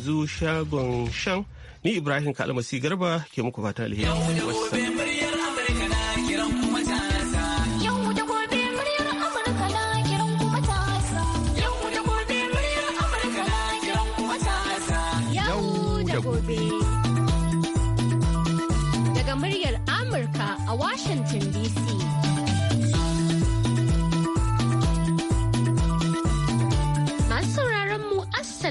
zu shagon shan ni Ibrahim Kalmasi Garba ke muku fatan alheri.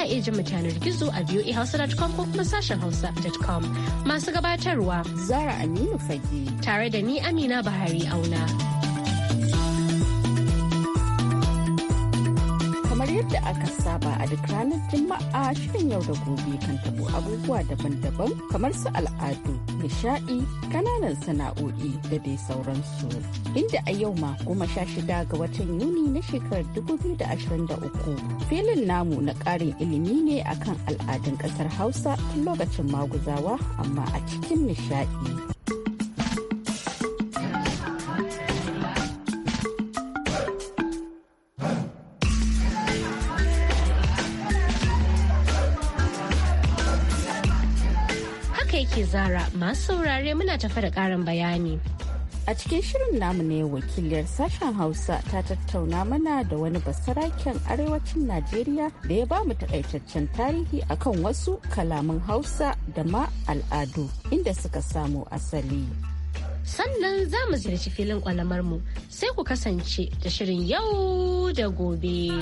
za a iya jin mutanen gizo a voahausa.com ko kuma sashen hausa.com. Masu gabatarwa Zara Aminu Fage. Tare da ni Amina Bahari Auna. saba a duk ranar Juma'a shirin yau da gobe kan tabo abubuwa daban-daban kamar su al'adu, nishaɗi, kananan sana'o'i da dai sauransu. Inda a yau ma goma sha shida ga watan Yuni na shekarar 2023 filin namu na ƙarin ilimi ne akan al'adun ƙasar Hausa tun lokacin maguzawa amma a cikin nishaɗi. Gara masu saurare muna tafa da ƙarin bayani. A cikin shirin namu ne wakiliyar sashen Hausa ta tattauna mana da wani basaraken arewacin Najeriya da ya ba mu takaitaccen tarihi akan wasu kalaman Hausa da ma al'adu inda suka samo asali. Sannan za mu ziyarci filin mu sai ku kasance da shirin yau da gobe.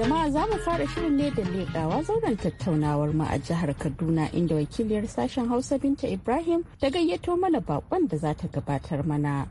jama'a za mu fara shirin ne da leƙawa zauren tattaunawar mu a jihar kaduna inda wakiliyar sashen hausa binta ibrahim ta gayyato mana bakon da za ta gabatar mana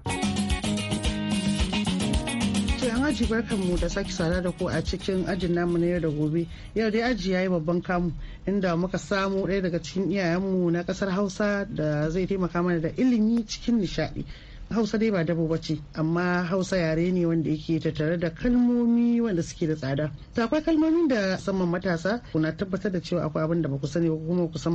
barkar mu da sake sada da ku a cikin ajin namu na yau da gobe. Yau dai aji yayi babban kamu inda muka samu ɗaya daga cikin iyayenmu na ƙasar Hausa da zai taimaka mana da ilimi cikin nishaɗi. hausa dai ba dabo bace amma hausa yare ne wanda yake tattare da kalmomi wanda suke da tsada to akwai kalmomin da saman matasa kuna tabbatar da cewa akwai abin da ba ku sani kuma ku san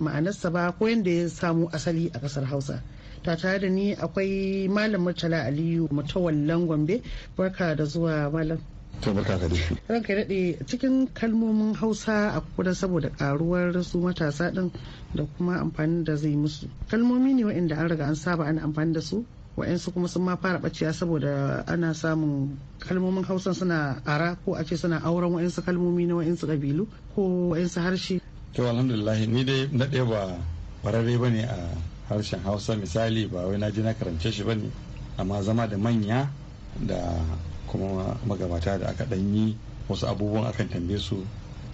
ma'anarsa ba ko yanda ya samu asali a kasar hausa ta tare da ni akwai malam murtala aliyu mutawallan gombe barka da zuwa malam ranka ya daɗe cikin kalmomin hausa a kuda saboda karuwar su matasa ɗin da kuma amfani da zai musu kalmomi ne waɗanda an riga an saba ana amfani da su wa'insu kuma sun ma fara ɓaciya saboda ana samun kalmomin hausa suna ara ko a ce suna auren wa'insu kalmomi na wa'insu ƙabilu ko wa'insu harshe to alhamdulillah ni dai na ɗaya ba ƙwararre ba ne a harshen hausa misali ba wai na je na karance shi ba ne amma zama da manya da kuma magabata da aka ɗan yi wasu abubuwan akan tambaye su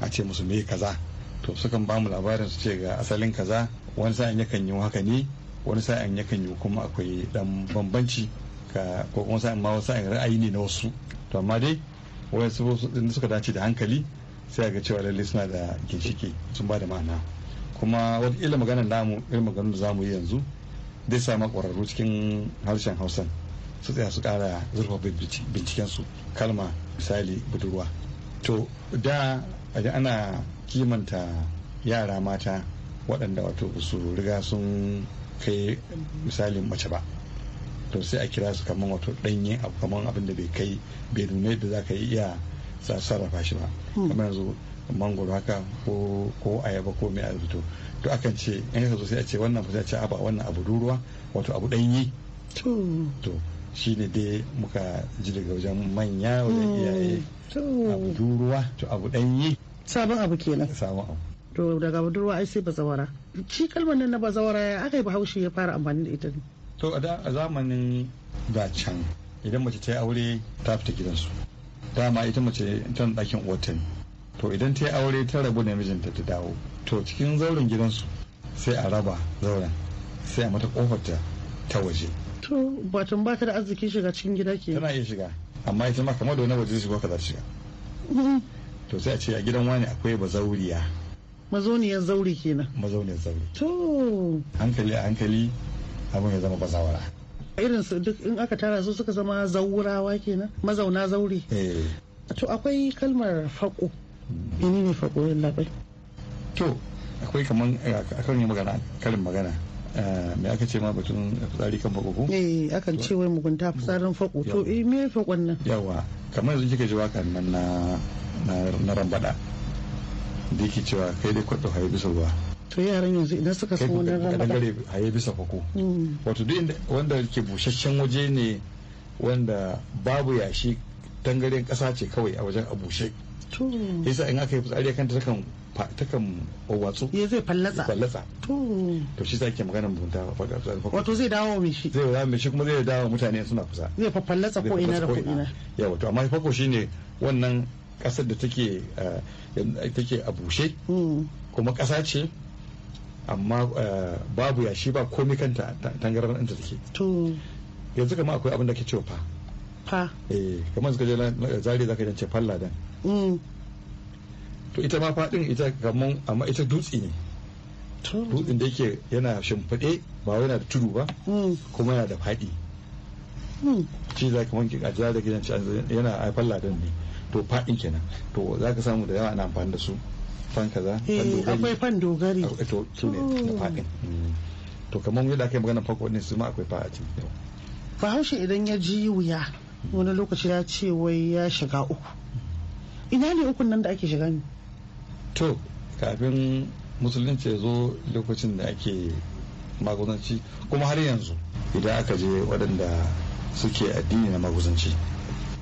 a ce musu me kaza to sukan bamu labarin su ce ga asalin kaza wani sa'in yakan yi haka ne wani sa'in yakan yi kuma akwai dan bambanci ka ko kuma sa'in ma wasu ra'ayi ne na wasu to amma dai wani su suka dace da hankali sai ga cewa lallai suna da ginshiki sun ba da ma'ana kuma wani ila maganar namu irin maganar da zamu yi yanzu zai sama ƙwararru cikin harshen hausan su tsaya su kara binciken bincikensu kalma misali budurwa to da ana kimanta yara mata waɗanda wato su riga sun kai misalin mace ba to sai a kira su kamar wato ɗanye abu kamar abin da bai kai bai nuna yadda za ka iya sarrafa shi ba hmm. kamar yanzu mangoro haka ko ayaba ko mai albito to akan ce in ka zo sai a ce wannan ba sai a ce a wannan abu ruruwa wato abu ɗanye to ne dai muka ji daga wajen manya wajen hmm. iyaye abu duruwa to abu danyi sabon abu kenan sabon abu to daga budurwa ai sai bazawara shi kalmar nan na bazawara ya aka yi bahaushe ya fara amfani da ita ne to a zamanin da can idan mace ta yi aure ta fita gidansu dama ita mace ta na ɗakin otal to idan ta yi aure ta rabu da mijinta ta dawo to cikin zauren gidansu sai a raba zauren sai a mata kofar ta waje to batun ba ta da arzikin shiga cikin gida ke tana iya shiga amma ita ma kamar da wani waje shiga ka shiga to sai a ce a gidan wani akwai bazauriya mazauniyar zauri kenan mazauniyar zauri to hankali a hankali abin ya zama bazawara irin su duk in aka tara su suka zama zaurawa kenan mazauna zauri eh. to akwai kalmar fako hmm. ne fako yin labai to akwai kaman eh, akan yi magana kalin magana Eh, me aka ce ma batun fitsari kan fakoko? eh akan ce wai mugunta fitsarin fako to eh me fakon nan yawa kamar yanzu kika ji wakan nan na na rambada da yake cewa kai dai kwato haye bisa ruwa to yaran yanzu idan suka san wani rambada kai dangare haye bisa fako mm. wato duk wanda ke busasshen waje ne wanda babu yashi dangaren ƙasa ce kawai a wajen a bushe yasa in aka yi fitsari kan ta kan takan watsu ya eh, zai fallasa fallasa to to shi zake magana mugunta wato zai dawo mai shi zai dawo mai shi kuma zai dawo mutane suna kusa zai fa fallasa ko ina da ko ina yawa to amma fako shine wannan kasar da take eh, take a bushe hmm. kuma kasa ce amma eh, babu yashi ba komai kanta tangarar ɗanta take to yanzu kamar akwai abin da ke cewa fa fa eh kamar suka je zare zaka jance falla dan hmm. to ita ma faɗin ita kamar amma ita dutse ne dutsen da yake yana shimfiɗe ba yana da tudu ba hmm. kuma yana da faɗi hmm. shi za ka wanke kaji da gidan yana haifar ladan ne to faɗin kenan to za ka samu da yawa ana amfani da su fan kaza eh, akwai fan dogari to su ne da oh. faɗin hmm. to kamar yadda aka yi magana farko ne su ma akwai fa a yau bahaushe idan ya ji wuya wani lokaci ya ce wai ya shiga uku ina ne ukun nan da ake shiga ne to kafin musulunci ya zo lokacin da ake maguzanci kuma har yanzu idan aka je waɗanda suke addini na maguzanci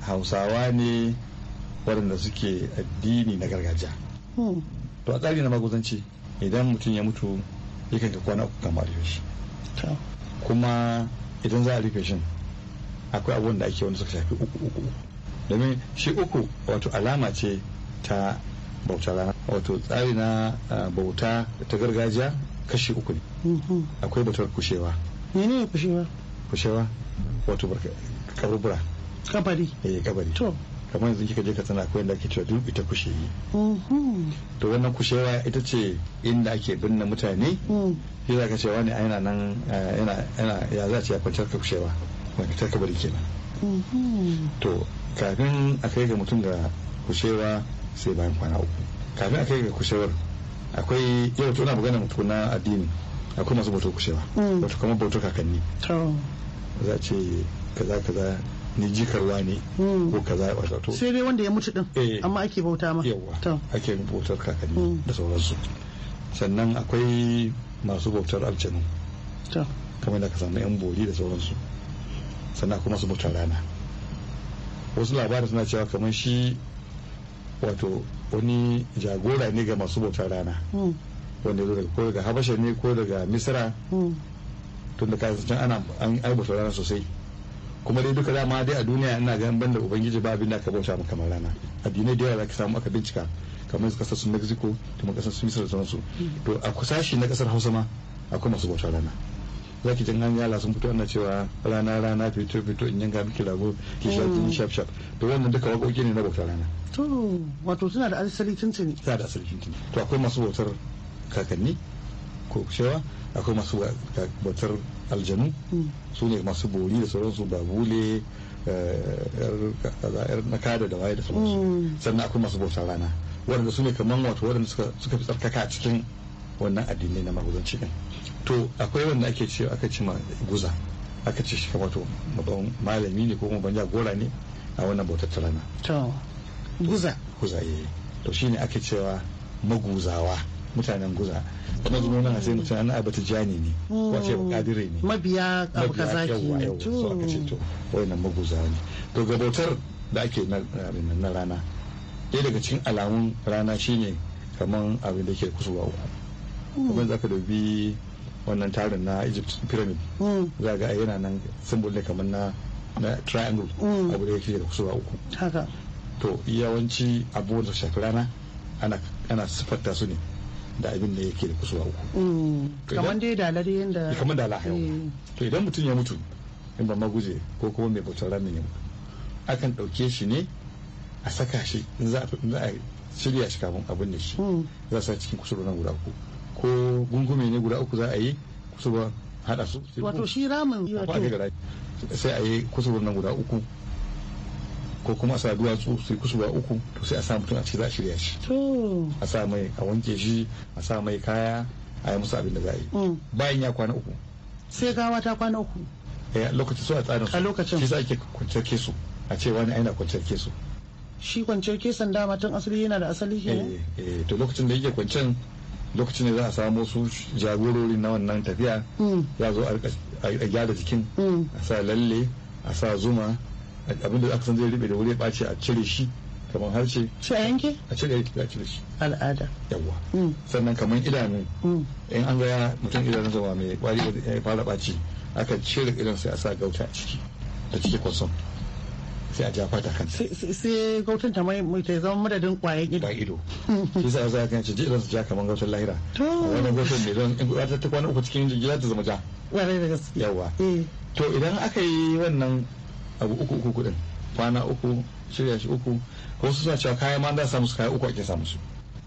hausawa ne waɗanda suke addini na gargajiya hmm. to a tsari na maguzanci idan mutum ya mutu yakan ka kwana uku kama rufe shi kuma idan za a rufe shi akwai abubuwan da ake wani suka shafi uku uku domin shi uku wato alama ce ta rana. wato tsari na ah, bauta ta gargajiya kashi uku ne mm-hmm. akwai bautar kushewa ne kushewa kushewa wato kaburbura kabari eh kabari to kamar yanzu kika je ka tsana akwai inda ake cewa duk ita kushe yi mm-hmm. to wannan kushewa ita ce inda ake binne mutane mm. shi za ka ce wani yana nan eh, yana ya za ce ya kwantar ka kushewa wani ta kabari kenan mm-hmm. to kafin a kai ga mutum ga kushewa sai bayan kwana uku kafin a kai ga kushewar akwai yau tuna magana mutu na addini akwai masu bautar kushewa mm. wato kamar bautar kakanni za a ce kaza kaza ni jikarwa ne mm. ko kaza wato to sai dai wanda ya mutu din eh. amma ake bauta ma yawa ake bautar kakanni mm. da sauransu sannan akwai masu bautar aljanu kamar da ka samu yan bori da sauransu sannan akwai masu bautar rana wasu labarin suna cewa kamar shi wato wani jagora ne ga masu bautar rana hmm. wanda zo daga ko daga habasha ne ko daga Misira. Hmm. tun da kasance can ana an bautar rana sosai kuma dai duka dama dai a duniya ina ganin banda ubangiji ba abin da aka bauta maka rana addinai da yawa za ka samu aka bincika kamar kasar su mexico kuma kasar su misira da sauransu hmm. to a kusashi na kasar hausa ma akwai masu bautar rana za ki jin an yala sun fito ana cewa rana rana fito fito in yanka miki lago ki sha jini shaf shaf to wannan duka waƙoƙi ne na bautar rana to wato suna da asali ne suna da asali tuntuni to akwai masu bautar kakanni ko cewa akwai masu bautar aljanu mm. su ne masu bori da sauransu babule eh, yar kada da waye da sauransu mm. sannan akwai masu bautar rana waɗanda su ne kamar wato waɗanda suka fi tsarkaka cikin wannan addinai na maguzanci din to akwai wanda ake ce aka ce ma guza aka ce shi wato babban malami ne ko kuma ban gora ne a wannan bautar ta rana to guza guza yi eh. to shine ake cewa maguzawa mutanen guza kuma zuwa nan sai mutum an abu tijani ne ko ce kadire mm. ne mabiya abu kaza ki ne to aka ce to wayannan maguzawa ne to ga bautar da ake na rana ɗaya daga cikin alamun rana shine kamar abin da ke kusurwa uku abin da aka dubi wannan tarin na egypt pyramid mm. za ga yana nan symbol ne kamar na na triangle mm. abu da yake da kusurwa uku haka to yawanci abubuwan da shafi rana ana siffarta su ne da abin da yake da kusurwa uku mm. kamar dai da dai yanda eh, kamar dala eh. to idan mutum ya mutu in ba maguje ko kuma mai bautar ranar ya mutu akan ɗauke shi ne a saka shi in za a shirya shi kafin abin da shi za a sa cikin kusurwa na guda uku ko gungume ne guda uku za a yi kusa ba haɗa su wato shi ramin sai a yi kusa nan guda uku ko kuma a sa duwatsu su kusa ba uku to sai a sa mutum a ciki za a shirya shi a sa mai a wanke shi a sa mai kaya a yi musu abin da za a yi mm. bayan ya kwana uku sai gawa ta kwana uku a eh, lokacin su a tsarin su a lokacin shi a ake kwanciyar kesu a ce wani aina kwanciyar kesu shi kwanciyar kesan dama tun asali yana da asali ke eh, eh, to lokacin da yake kwanciyar lokacin da za a samu su jagorori na wannan tafiya mm. ya zo a gyara jikin mm. a sa lalle a sa zuma abinda aka san zai ribe da wuri ɓace a cire shi kamar harshe shi a yanke a cire a cire shi al'ada yawa mm. sannan kamar idanu in an ga mutum idanun zama mai kwari ya fara ɓace aka cire idan sai a sa gauta a ciki da ciki kwasan sai a jafa fata kanta sai gautun ta mai ta zama madadin kwaye ido ba ido shi sa za ka ce idan su ja kamar gautun lahira to wannan gautun ne don in ta kwana uku cikin jirgi za ta zama ja ƙwarai da gaske yawa eh. to idan aka yi wannan abu uku uku kudin kwana uku shirya shi uku wasu suna cewa kayan ma za samu su kayan uku ake samu su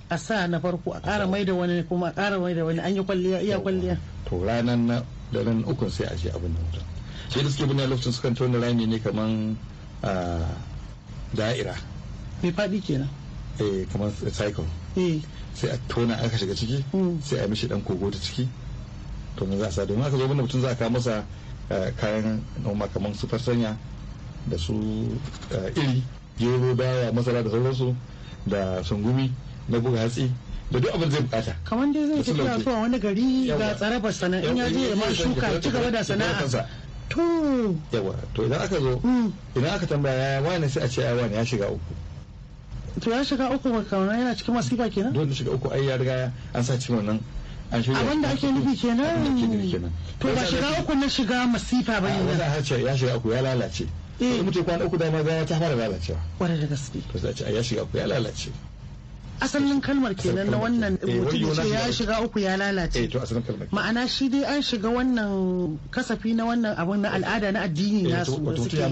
a sa na farko a kara mai da wani kuma a kara mai da wani an yi kwalliya iya kwalliya to ranar na da ran uku sai a je abin da mutum shi da suke bin lokacin sukan tona rami ne kamar da'ira mai faɗi kenan eh kamar cycle eh. sai a tona aka shiga ciki hmm. sai a mishi dan kogo ta ciki to mun za a sa domin aka zo wanda mutum za a kawo masa kayan noma kamar su farsanya da su iri gero baya masara da sauransu da sungumi na buga hatsi da duk abin zai bukata kamar dai zai tafiya zuwa wani gari ga tsarafa sana'a in ya je ya ma shuka ci gaba da sana'a to yawa to idan aka zo mm. idan aka tambaya ya wani sai a ce ai wani ya shiga uku to ya shiga uku ba kamar yana cikin masifa kenan dole shiga uku ai ya riga an sa wannan an abin abinda ake nufi kenan to ba shiga uku na shiga masifa ba ne har ce ya shiga uku ya lalace eh mutum kwana uku da za ya ta fara lalacewa kwarai da gaske to za a ce ya shiga uku ya lalace asalin kalmar kenan na wannan eh, mutum ce ya shiga uku ya lalace eh, ma'ana shi dai an shiga wannan kasafi na wannan abun na al'ada na addini eh, na su ya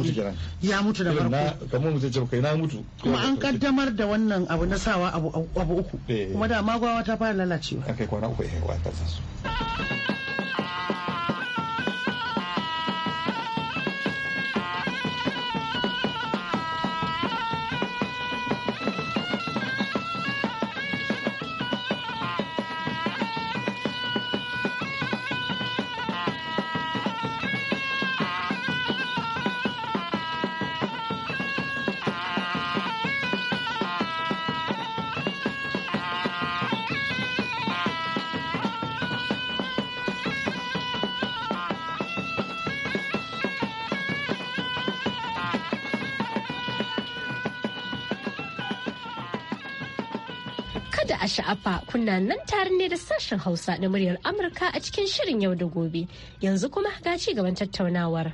mutu da farko na mutu kuma an kaddamar da wannan abu na sawa abu uku kuma da magwawa ta fara lalacewa kai kwana uku ya wa su da a sha'afa kuna nan tare ne da sashen Hausa na muryar Amurka a cikin shirin yau da gobe. Yanzu kuma ga ci gaban tattaunawar.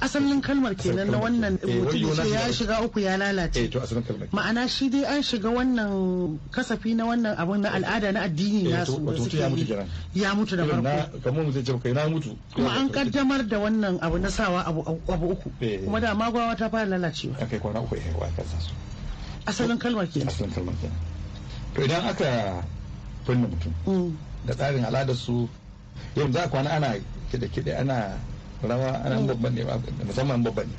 asalin kalmar kenan na wannan eh, mutum ya shiga uku ya lalace eh, ma'ana shi dai an shiga wannan kasafi na wannan abin na eh, al'ada na addini na su ya mutu da farko kuma an kaddamar da wannan abu na sawa abu uku kuma da magwawa ta fara lalacewa asalin kalmar kenan to idan aka kunna mutum mm. da tsarin al'adar su yau za kwana ana kide kide ana rawa ana mm. babban ne musamman babban ne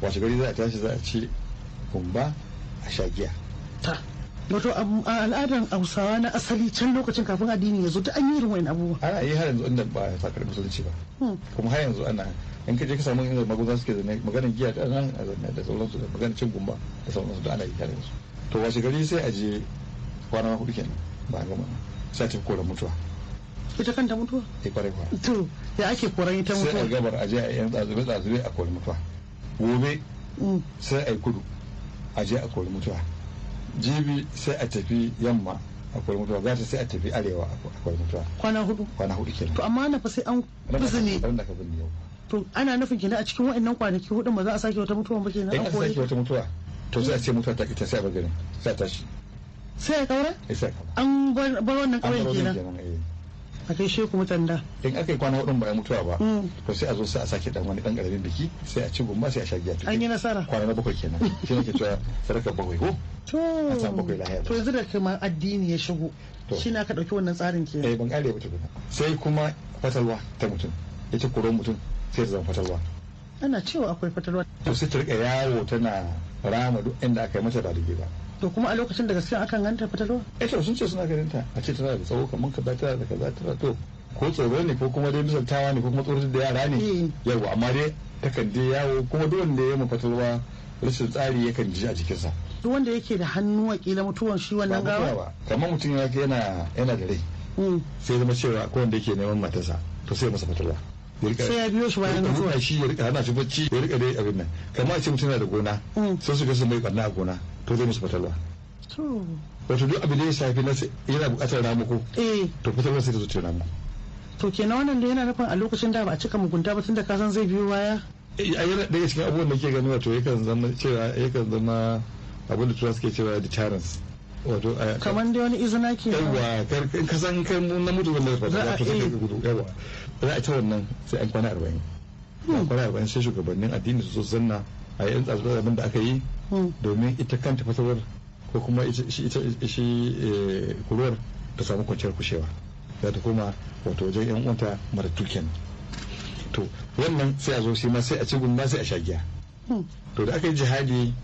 washe gari za a tashi za a ci kumba a sha giya wato al'adar hausawa na asali can lokacin kafin addini ya zo ta an yi irin wani abubuwa ana yi har yanzu inda ba a sakar musulunci ba mm. kuma har yanzu ana in ka je ka samu inda maguza suke zane maganar giya da nan a zane da sauransu da maganar cin gumba da sauransu da ana yi har yanzu to washe gari sai a je kwana hudu kenan ba a gama sai ta kora mutuwa ita kanta mutuwa eh kwarai kwa to ya ake koran ita mutuwa sai a gabar aje a yan tsazube tsazube a kori mutuwa gobe mm. sai a yi kudu aje a kori mutuwa jibi sai a tafi yamma a akwai mutuwa za ta sai a tafi arewa akwai mutuwa kwana hudu kwana hudu kenan to amma na fa sai an bizini ran da ka bin yau to ana nufin kenan a cikin wa'annan kwanaki hudu ba za a sake wata mutuwa ba kenan eh, an koyi sake wata mutuwa to sai a ce mutuwa ta ita sai a bar garin sai a tashi Eh, sai ya kaura? an bar wannan kauyen kenan eh. a kai shi kuma tanda in aka yi kwana hudun bayan mutuwa ba mm. to sai a zo sai a sake dan wani dan karamin biki sai a ci gumba sai a sha giya an yi nasara kwana na bakwai kenan shi nake cewa sadaka bakwai ko to a san bakwai lahiya to yanzu da kuma addini ya shigo shi na ka dauki wannan tsarin kenan eh ban kare ba tukuna sai kuma fatalwa ta mutum yace kuro mutum sai ta zama fatalwa ana cewa akwai fatalwa to sai ta rika yawo tana rama duk inda aka yi mata ba ba to kuma a lokacin da gaskiya akan ganta fitarwa eh to sun ce suna ganin ta a ce tana da tsawo kamar ka tana da kaza tana to ko tsoro ne ko kuma dai misaltawa ne ko kuma tsoron da yara ne eh. yawa amma dai takan je yawo kuma duk wanda ya mafatarwa rashin tsari yakan ji a jikinsa duk wanda yake da hannu a kila mutuwan shi wannan gawa kamar mutum yana yana da rai hmm. sai zama cewa ko wanda yake neman matarsa to sai masa fatarwa sai ya biyo shi bayan mutuwa shi ya rika hana shi bacci ya rika dai abin nan kamar a ce mutum yana da gona hmm. sai su ga su mai barna a gona to zai musu fatalwa wato duk abin da ya shafi nasa yana bukatar ramuko eh. to fatalwa sai ta zo ta ramuko to kenan wannan da yana nufin a lokacin da ba a cika mugunta ba tun ka san zai biyo baya eh, a yana daga cikin abubuwan da ke gani wato yakan zama cewa yakan zama abin da turanci ke cewa deterrence wato kamar da wani izina ke yawa in ka san kai na mutu wanda ba za ka gudu yawa za a ci wannan sai an kwana arba'in an hmm. kwana arba'in sai shugabannin addini su zanna a yi yan da abin da aka yi Hmm. domin ita kanta fasawar ko kuma shi eh, kuruwar ta samu kwanciyar kushewa za ta koma wato wajen yan uwanta mara kenan to wannan sai a zo shi ma sai a ci ma sai a sha giya hmm. to da aka yi jihadi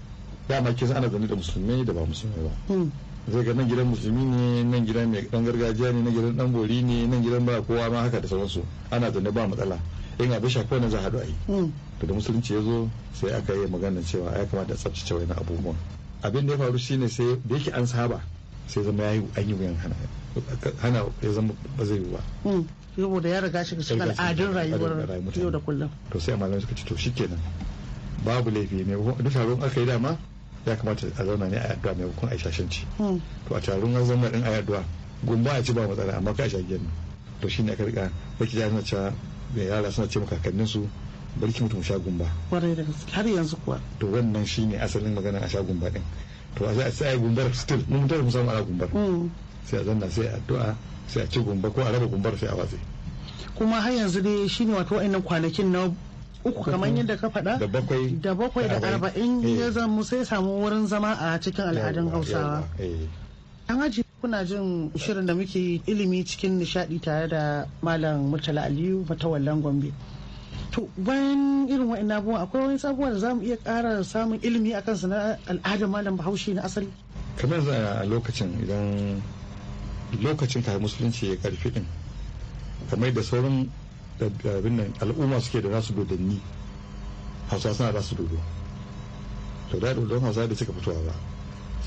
dama kisan ana zane da musulmi da ba musulmi ba hmm. zai ga nan gidan musulmi ne nan gidan mai dan gargajiya ne nan gidan dan bori ne nan gidan ba kowa ma haka da sauransu ana zane ba matsala in abin shafi wannan za a haɗu a yi mm. da musulunci ya zo sai aka yi magana cewa ya kamata a tsabtace wani abubuwan abin da ya faru shine sai da yake an saba sai zama ya yi an yi wuyan hana hana ya zama ba zai yi ba mm. saboda ya riga shiga cikin al'adun rayuwar yau da kullum to sai malamai suka ce to shikenan babu laifi ne duk taron aka yi dama ya kamata a zauna ne a hukun Aisha a shashanci mm. to a taron an zauna din a addu'a gumba a ci ba matsala amma ka shagiyar ne to shine aka rika baki da cewa da yara suna ce makakannin su ki mutum shagun ba kwarai da gaske har yanzu kuwa to wannan shine asalin magana a shagun ba din to a sai a gumbar still mun mutar mu samu ala gumbar mm. sai a zanna sai a addu'a sai a ci gumba ko a raba gumbar sai a watse kuma har yanzu dai shine wato wa'annan kwanakin na uku kamar yadda ka faɗa da bakwai da bakwai da arba'in ya eh. zamu sai samu wurin zama a cikin al'adun hausawa eh. an aji kuna jin shirin da muke ilimi cikin nishadi tare da malam murtala aliyu matawallan gombe to bayan irin wa'in abubuwan akwai wani sabuwa da za mu iya ƙara samun ilimi akan su na al'adar malam bahaushe na asali kamar a lokacin idan lokacin kayan musulunci ya karfi din kamar da sauran abin nan al'umma suke da nasu dodanni hausa suna da su dodo to da dodon hausa da suka fitowa ba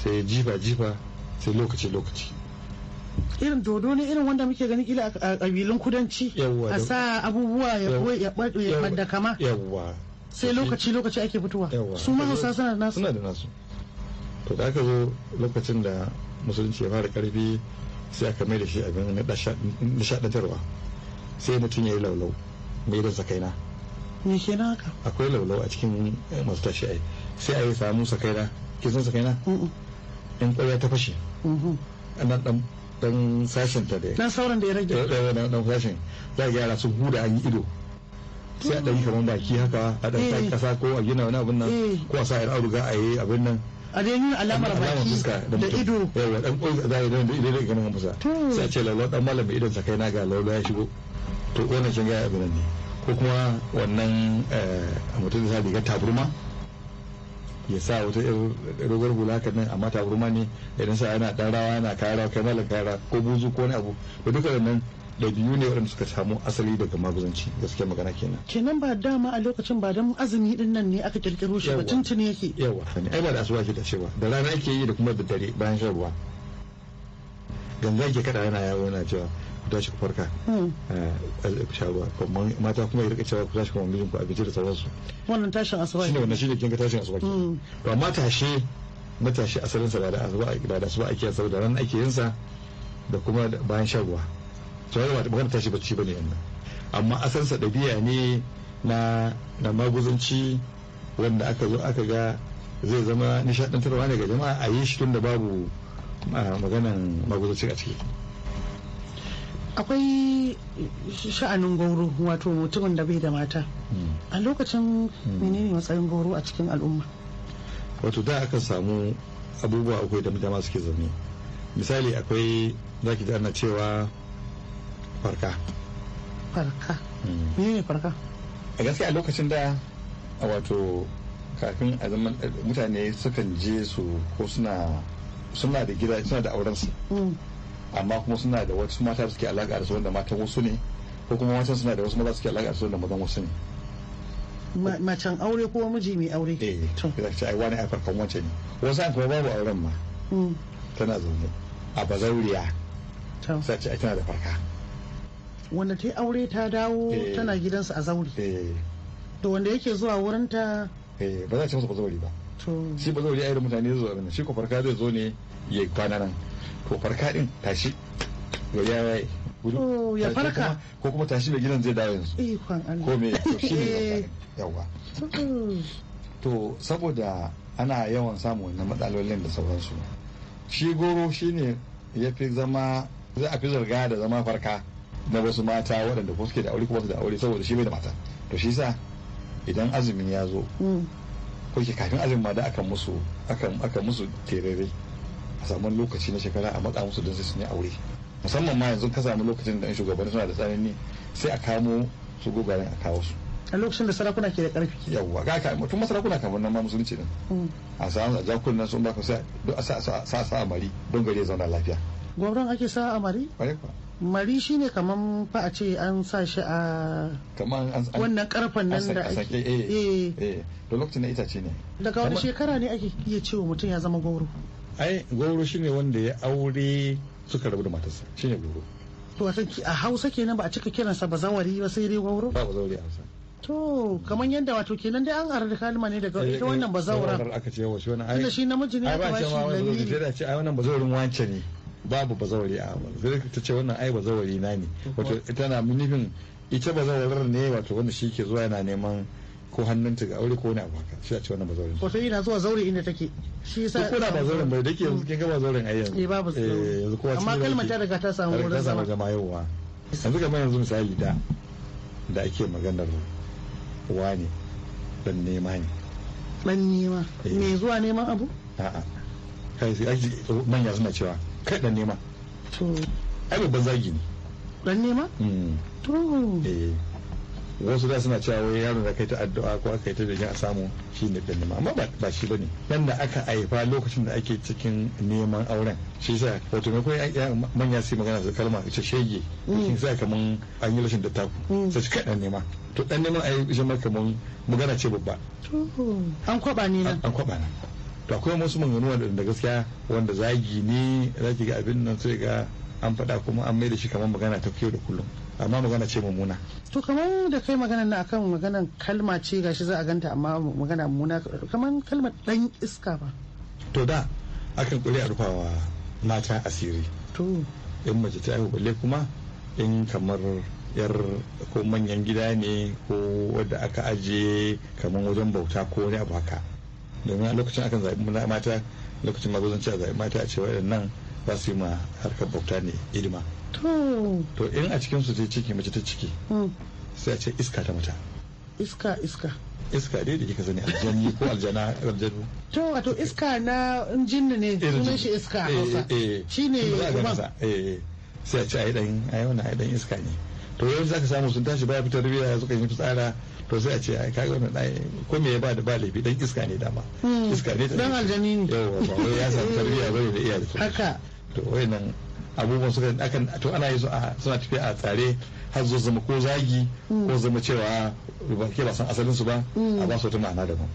sai jifa jifa sai lokaci lokaci irin dodo ne irin wanda muke gani kila a kabilun kudanci a sa abubuwa ya ɓadda kama yawwa sai lokaci lokaci ake fitowa su ma hausa suna da nasu suna da nasu to da aka zo lokacin da musulunci ya fara karfi sai aka mai da shi abin nishadantarwa sai mutum ya yi laulau mai da sakaina me na haka akwai laulau a cikin eh, masu tashi ai sai a yi samu sakaina kisan sakaina in ƙwarya ta fashe nan dan dan sashen ta da dan sauran da ya rage eh, eh, dan dan sashen za ga yara su huda an yi ido sai a ɗan kaman baki haka a ɗan sa eh. kasa ko a gina wani abin nan ko a sa yar auduga a yi abin nan a dai nuna alamar baki da ido yawa dan koyi za a yi dan ido da ganin masa sai a ce lalwa dan malam idan sa kai na ga lalwa ya shigo to wannan kin ga abin nan ne ko kuma wannan mutum da sa riga taburma ya sa wata rogar hula ka nan amma takurma ne idan sa yana dan rawa yana kayara kai malam kayara ko buzu ko wani abu da duka nan ɗabi'u ne waɗanda suka samu asali daga maguzanci gaskiya magana kenan kenan ba dama a lokacin ba dan azumi din nan ne aka kirkiro shi ba tuntun yake yawa ai ba da asuba ke da cewa da rana ake yi da kuma da dare bayan shan ruwa ganga ke kada yana yawo yana cewa tashi ku farka hmm. eh, ku sha kuma mata kuma ya cewa ku tashi kuma mijin ku abinci da sauransu wannan tashin asuba shine wannan shine kinga tashin asuba hmm. to amma tashe na tashi asalin sa da asuba da da asuba ake saboda ran ake yin sa da kuma bayan shagwa. to to ba magana tashi bacci bane yanzu amma asalin sa dabi'a ne na na maguzanci wanda aka zo aka ga zai zama nishadantarwa ne ga jama'a a yi shi tun da babu ah, maganan maguzanci a ciki akwai sha'anin goro wato mutumin da bai da mata a lokacin hmm. menene matsayin goro a cikin al'umma wato da aka samu abubuwa akwai da dama suke zaune misali akwai zaki ji ana cewa farka farka hmm. menene farka a gaskiya a lokacin da a wato kafin a zaman mutane sukan je su ko suna suna da gida suna da aurensu hmm. amma kuma suna da wasu mata suke alaka da su wanda matan wasu ne ko kuma matan suna da wasu maza suke alaka da su wanda mazan wasu ne macen aure ko miji mai aure eh to ce ai wani farkon wace ne wasu an kuma babu auren ma mm. tana zaune a bazauriya sai ce ai tana da farka wanda ta aure ta dawo eh. tana gidansa a zauri eh. to wanda yake zuwa wurinta eh, ba za a ce masa bazauri ba shi ba zai ayyar mutane zuwa abin shi ko farka zai zo ne ya kwana nan to farka din tashi gari ya waye ya oh, farka ko kuma tashi mai gidan zai dawo yanzu ko me to shi ne eh. yawa mm. to saboda ana yawan samu wannan matsalolin da sauransu shi goro shi ne ya fi zama za a fi zarga da zama farka na wasu mata waɗanda ko suke da aure ko su da aure saboda shi bai da mata to shi sa idan azumin ya zo mm. ko ke kafin azumi da akan musu akan akan musu terere a samu lokaci na shekara a matsa musu don sai sun yi aure musamman ma yanzu ka samu lokacin da shugabanni suna da tsanani sai a kamo su gogaren a kawo su a lokacin da sarakuna ke da karfi yawwa ga ka mutum masarakuna kamar nan ma musulunci ne a samu a jakun nan sun ka sai a sa sa a mari don gari ya zauna lafiya gwamnan ake sa a mari mari shi ne kaman fa a ce an sa shi a wannan karfan nan da ake eh, eh. eh to lokacin na itace ne daga wani shekara ne ake iya cewa mutum ya zama goro ai shi shine wanda ya aure suka rabu da matarsa shine goro to wasan a Hausa kenan ba a cika kiransa ba zawari ba sai dai gauro ba zawari a Hausa To kamar yadda wato kenan dai an arda kalma ne daga ita wannan eh, bazawara. Aka ce wa shi wannan ai. shi namiji ne aka bashi lamiri. Ai ba ce ma wannan ai wannan bazawarin wance ne. babu bazawari a ba zai ta ce wannan ai bazawari na ne wato ita na nufin ita bazawarar ne wato wanda shi ke zuwa yana neman ko hannunta ga aure ko wani abu haka shi a ce wannan bazawarin. wato na zuwa zaure inda take shi yasa ko da bazawarin bai dake yanzu kin ga bazaurin ai yanzu eh babu eh, yanzu amma kalmar ta riga ta samu wurin zama zama yawa yanzu kamar yanzu misali da da ake maganar wani dan nema ne dan nema eh. me zuwa neman abu a'a kai sai aji manya suna cewa kai dan nema to ai babban zagi ne dan nema mm. to eh. wasu da suna cewa wai yaron da kai ta addu'a ko aka yi ta da a samu shi ne dan nema amma ba shi bane dan da aka aifa lokacin da ake cikin neman auren shi sa wato me koyi manya sai magana su kalma ita shege mm. shi sa kaman an yi rashin da taku mm. sai kai dan nema to dan neman ai shi ma kaman magana ce babba an kwaba ne na an kwaba na to akwai wasu maganganu da gaskiya wanda zagi ne zaki ga abin nan sai ga an faɗa kuma an mai da shi kamar magana ta kyau da kullum amma magana ce mummuna to kamar da kai magana na akan maganan kalma ce gashi za a ganta amma magana mummuna kamar kalmar dan iska ba to da akan kuri a rufawa mata asiri to in mace ta haihu balle kuma in kamar yar ko manyan gida ne ko wadda aka aje kamar wajen bauta ko wani abu haka domin a lokacin akan zaɓi mata lokacin magozanci a zaɓi mata a cewa irin nan ba su yi ma harkar bauta ne hidima to in a cikin su ta ciki mace ta ciki hmm. sai a ce iska ta mata iska iska iska dai da kika sani aljani ko aljana aljanu to wato iska na jinni ne sunan shi iska a hausa eh, eh, eh. shine kuma. sai a ce ai dan dan iska ne to za zaka samu sun tashi baya fitar riya suka yi fitsara to sai a ce ai kaga wannan dai ko me ya ba da ba dan iska ne dama hmm. iska ne ta dan aljani ne yawa ba ya san tarbiyya bane da iyaye haka to wayannan abubuwan suka akan to ana yi suna tafiya a tsare har zo zama ko zagi hmm. ko zama cewa ba ke ba san asalin su ba hmm. a ba su wata ma'ana daban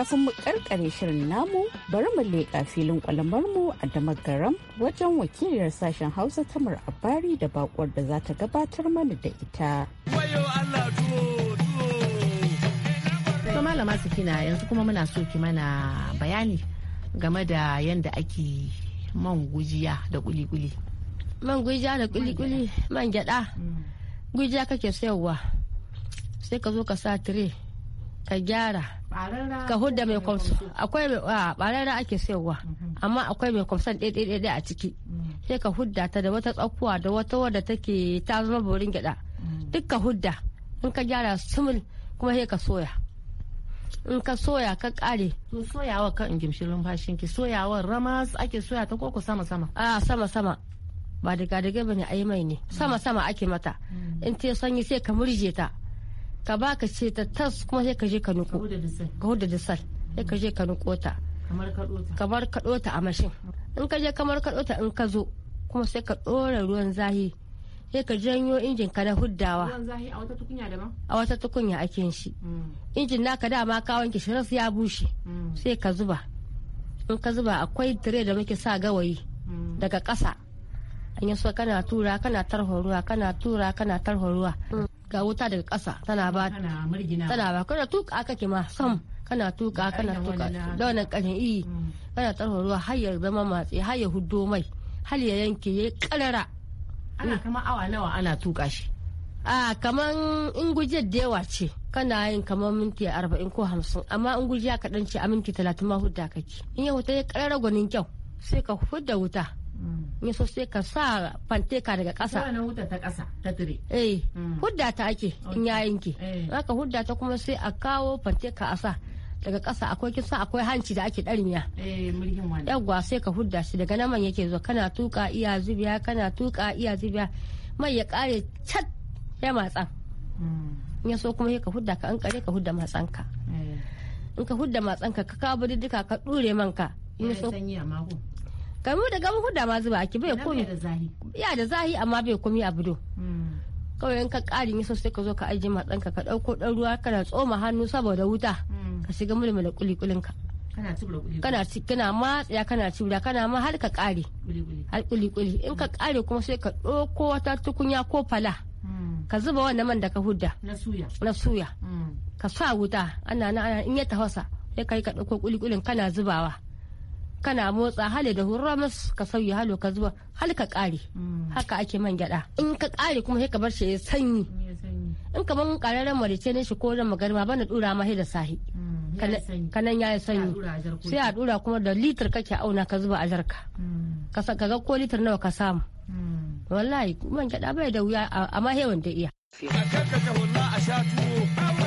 kafin mu karkare shirin namu bari mu leƙa filin mu a damagaram wajen wakiliyar sashen hausa tamar abari da bakuwar da za ta gabatar mana da ita. kuma malama sikina yanzu kuma muna so ki mana bayani game da yadda ake man gujiya da kuli-kuli. Man gujiya da kuli-kuli man gyada. Mm. Gujiya kake sayarwa sai ka zo ka sa tire ka gyara ka hudda mai kwamsa akwai barara ake sayarwa mm-hmm. amma akwai mai kwamsan ɗaiɗaiɗaiɗai a ciki mm. sai ka hudda ta da wata tsakuwa da wata wadda take ta zama borin gyaɗa mm. duk ka hudda in ka gyara sumul kuma sai ka soya in ka soya ka kare to soyawa kan in gimshi lumfashin ki soyawa rama ake soya ta koko sama sama a sama sama ba daga daga bane ayi mai ne sama mm. sama ake mata in te sanyi sai ka murje ta ka ba ka ce ta tas kuma sai ka je ka nuko ka huda da sal sai ka je ka nuko ta kamar ka dota a mashin in ka je kamar ka dota in ka zo kuma sai ka ɗora ruwan zahi sai ka janyo injin ka na huddawa a wata tukunya ake shi mm. injin naka dama ka wanke shi ya bushe mm. sai ka zuba in ka zuba akwai tire da muke sa gawayi mm. daga ƙasa in so kana tura kana tarhon ruwa kana tura kana tarhon ruwa ga wuta daga ƙasa tana ba tana ba kana tuka kake ma sam kana tuka kana tuka da wannan ƙarin iyi mm. kana tarho ruwa har ya zama matsi har ya huddo mai har ya yanke ya karara ana mm. kama awa nawa ana tuka shi a kaman in guje da yawa ce kana yin kaman minti arba'in ko hamsin amma in gujiya kaɗan ce a minti talatin ma hudda kake in ya wuta ya karara gwanin kyau sai ka hudda wuta ni mm. so sai ka sa fante ka daga ƙasa wannan huta ta kasa ta tire eh mm. hudda ta ake in ya yanke eh. zaka hudda ta kuma sai a kawo fanteka a sa daga kasa akwai kisa akwai hanci da ake eh ɗarmiya yawwa sai ka hudda shi daga naman yake zo kana tuka iya zubiya kana tuka iya zubiya mai ya kare chat ya matsa in mm. ya so kuma ka hudda ka an kare ka hudda matsan matsanka eh. in ka hudda matsan ka ka kawo duka ka dure manka in ya so kamar da gaba huda ma zuba ake bai komi ya da zahi amma bai komi a budo hmm. kawai in ka ƙarin yasa sai ka zo ka ajiye matsanka ka ɗauko ɗan ruwa kana tsoma hannu saboda wuta hmm. ka shiga da kulikulin ka kana ci kana matsaya kana ci kana ma har ka ƙare har kulikuli in ka ƙare kuma sai ka ɗauko wata tukunya ko fala hmm. ka zuba wannan man da ka hudda na suya ka sa wuta ana na in ya tafasa sai ka ka ɗauko kulikulin kana zubawa kana motsa hali da hurra masu ka sauya halo ka zuwa hali ka kare mm. haka ake man gyada in ka kare kuma sai ka bar shi ya sanyi in ka ban kararren marice ne shi ko ran magarma bana dura ma da sahi mm, kanan ya sanyi sai a dura kuma da litir kake auna ka zuba a jarka mm. ka ga ko litir nawa ka samu wallahi man gyada bai da wuya amma hewan da iya a sha tuwo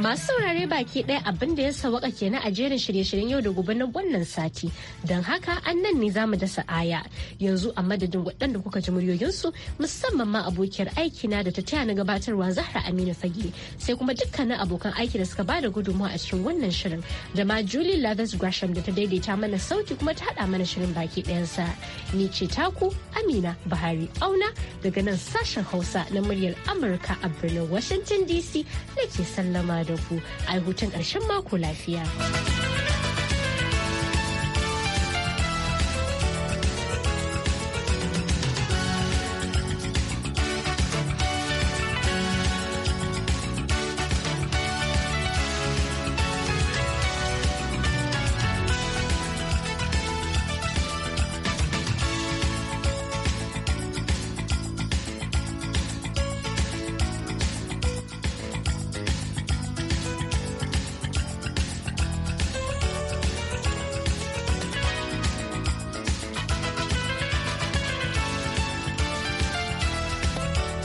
Masu saurare baki ɗaya abin da ya sawaka kenan a jerin shirye-shiryen yau da gobe na wannan sati. Don haka an nan ne za mu dasa aya yanzu a madadin waɗanda kuka ji muryoyinsu musamman ma abokiyar aikina da ta taya na gabatarwa Zahra Aminu Fage sai kuma dukkanin abokan aiki da suka bada gudunmawa a cikin wannan shirin da ma Julie lavis Gresham da ta daidaita mana sauti kuma ta haɗa mana shirin baki ɗayansa. Ni ce taku Amina Buhari Auna daga nan sashen Hausa na muryar Amurka a birnin Washington DC nake sallama da da ku a ƙarshen mako lafiya.